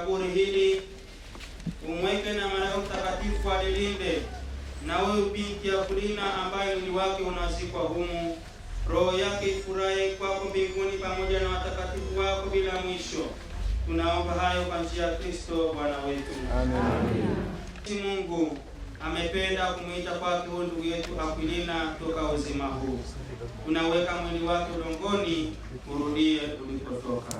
kaburi hili, umweke na Malaika Mtakatifu alilinde, na huyu binti ya Kulina ambaye mwili wake unazikwa humu, roho yake ifurahi kwako mbinguni pamoja na watakatifu wako bila mwisho. Tunaomba hayo kwa njia ya Kristo Bwana wetu. Amen. Mungu amependa kumwita kwake huyu ndugu yetu Akwilina toka uzima huu. Unaweka mwili wake ulongoni urudie ulipotoka.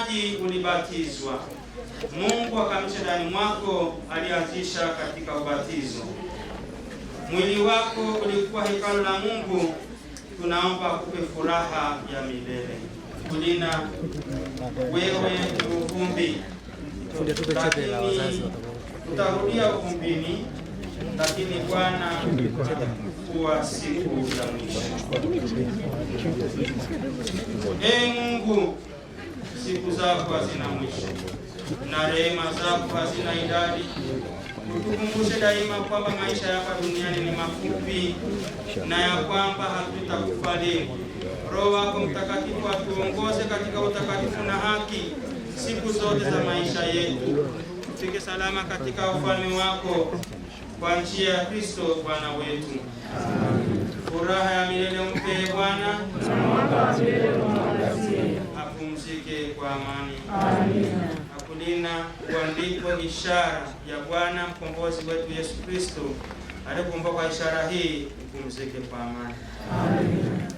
maji ulibatizwa, Mungu akamcha ndani mwako aliyeanzisha katika ubatizo. Mwili wako ulikuwa hekalu la Mungu, tunaomba kupe furaha ya milele. Kulina wewe uvumbi, lakini ukumbini uvumbini, lakini Bwana kuwa siku ya mwisho. Ee Mungu siku zako hazina mwisho na rehema zako hazina idadi. Tukumbushe daima kwamba maisha hapa duniani ni mafupi na ya kwamba hatutakufa leo. Roho wako Mtakatifu atuongoze katika utakatifu na haki siku zote za maisha yetu, tufike salama katika ufalme wako kwa njia ya Kristo Bwana wetu. Furaha ya milele umpe Bwana kwa amani. Amina. Na kunena ndipo ishara ya Bwana mkombozi wetu Yesu Kristo alipombwa. Kwa ishara hii, mpumzike kwa amani. Amina.